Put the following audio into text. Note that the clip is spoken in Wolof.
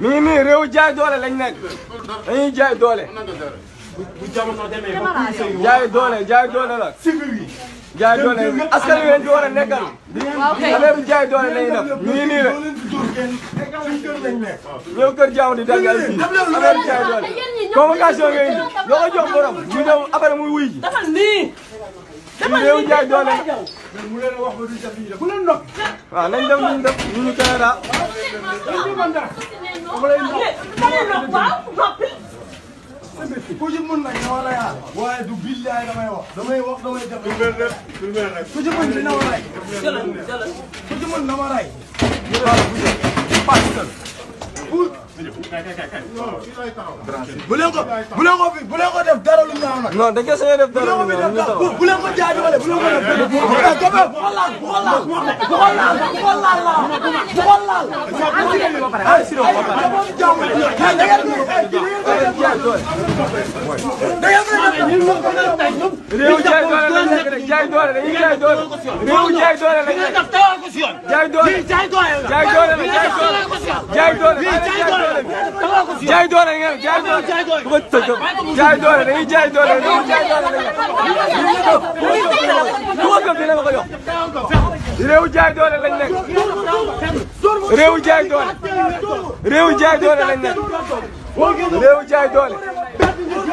ñu ngi nii réew jaay doole lañ nekk dañuy jaay doole. jaay doole jaay doole la. jaay doole askan wi di war a nekkal. xale jaay doole lañuy def ñu ngi nii rek. ñëw kër jaamu di dagg ay fii affaire jaay doole. convocation ngay indi loo ko jox borom ñu dem affaire muy wuy ji. dama réew jaay doole mu leen wax ba duñ def ñu def bu leen nokk waaw nañ dem ñu def ñu ñu Canada ñu mën dara dama lay nokk waaw noppi ku ci mën nag na war a yaar waaye du billaay damay wax damay wax damay def du mel rek du mel rek ku ci mën dina war a rey ku ci mën dama rey bu leen ko bu leen ko bu leen ko def dara lu ñaaw nag. non da ngeen sañ def dara lu ñaaw bu bu leen ko jaajëfale bu leen ko def. bu ko laal bu ko laal bu ko laal bu ko laal bu ko laal. ay si doon ba pare ay si doon ba pare. da ngeen koy da ngeen koy def. da ngeen koy def. doole jaay doole dañuy jaay doole. réew jaay doole la ñuy def teewal ko si yoon. jaay doole lii jaay doole la. jaay doole la jaay doole jaay doole lii jaay doole la. teewal ko si yoon jaay doole ngeen jaay doole. jaay doole bu ko tëjoo jaay doole dañuy jaay doole la ñuy jaay doole la ñuy def. bu ko gëm dina ma ko yokk. réew jaay doole lañ nekk. réew jaay doole. réew jaay doole lañ nekk. réew jaay doole.